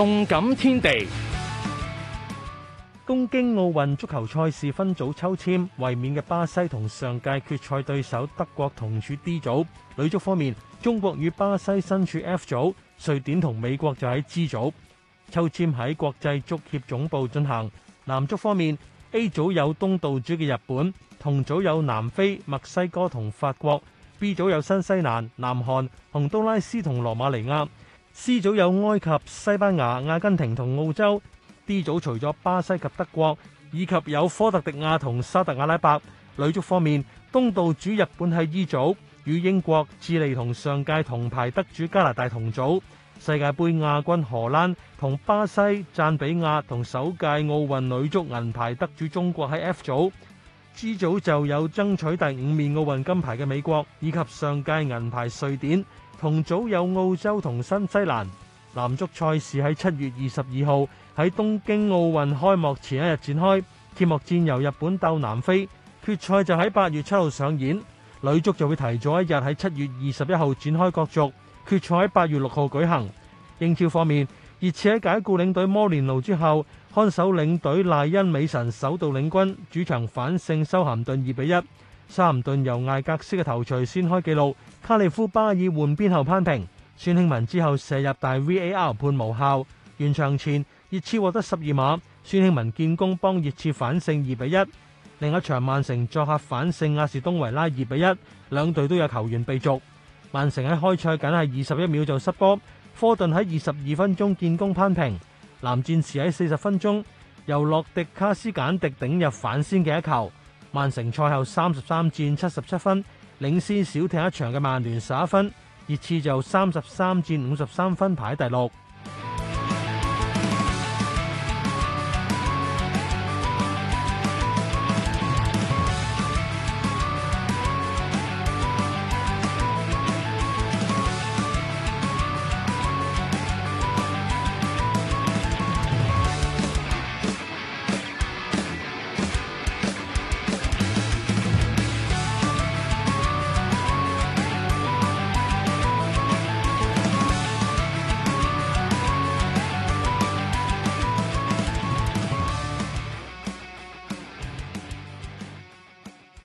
動感天地。東京奧運足球賽事分組抽簽，衛冕嘅巴西同上屆決賽對手德國同處 D 組。女足方面，中國與巴西身處 F 組，瑞典同美國就喺 G 組。抽簽喺國際足協總部進行。男足方面，A 組有東道主嘅日本，同組有南非、墨西哥同法國；B 組有新西蘭、南韓、洪都拉斯同羅馬尼亞。C 組有埃及、西班牙、阿根廷同澳洲，D 組除咗巴西及德國，以及有科特迪亞同沙特阿拉伯。女足方面，東道主日本喺 E 組，與英國、智利同上屆銅牌得主加拿大同組。世界杯亞軍荷蘭同巴西、贊比亞同首屆奧運女足銀牌得主中國喺 F 組。G 組就有爭取第五面奧運金牌嘅美國，以及上屆銀牌瑞典，同組有澳洲同新西蘭。男足賽事喺七月二十二號喺東京奧運開幕前一日展開，揭幕戰由日本鬥南非，決賽就喺八月七號上演。女足就會提早一日喺七月二十一號展開角逐，決賽喺八月六號舉行。英超方面。熱刺喺解雇領隊摩連奴之後，看守領隊賴恩美神首度領軍主場反勝修咸頓二比一。修咸頓由艾格斯嘅頭槌先開紀錄，卡利夫巴爾換邊後攀平，孫興文之後射入大 VAR 判無效，完場前熱刺獲得十二碼，孫興文建功幫熱刺反勝二比一。另一場曼城作客反勝阿士東維拉二比一，兩隊都有球員被逐。曼城喺開賽僅係二十一秒就失波。科頓喺二十二分鐘建功攀平，藍戰士喺四十分鐘由洛迪卡斯簡迪頂入反先嘅一球。曼城賽後三十三戰七十七分，領先少踢一場嘅曼聯十一分，熱刺就三十三戰五十三分排第六。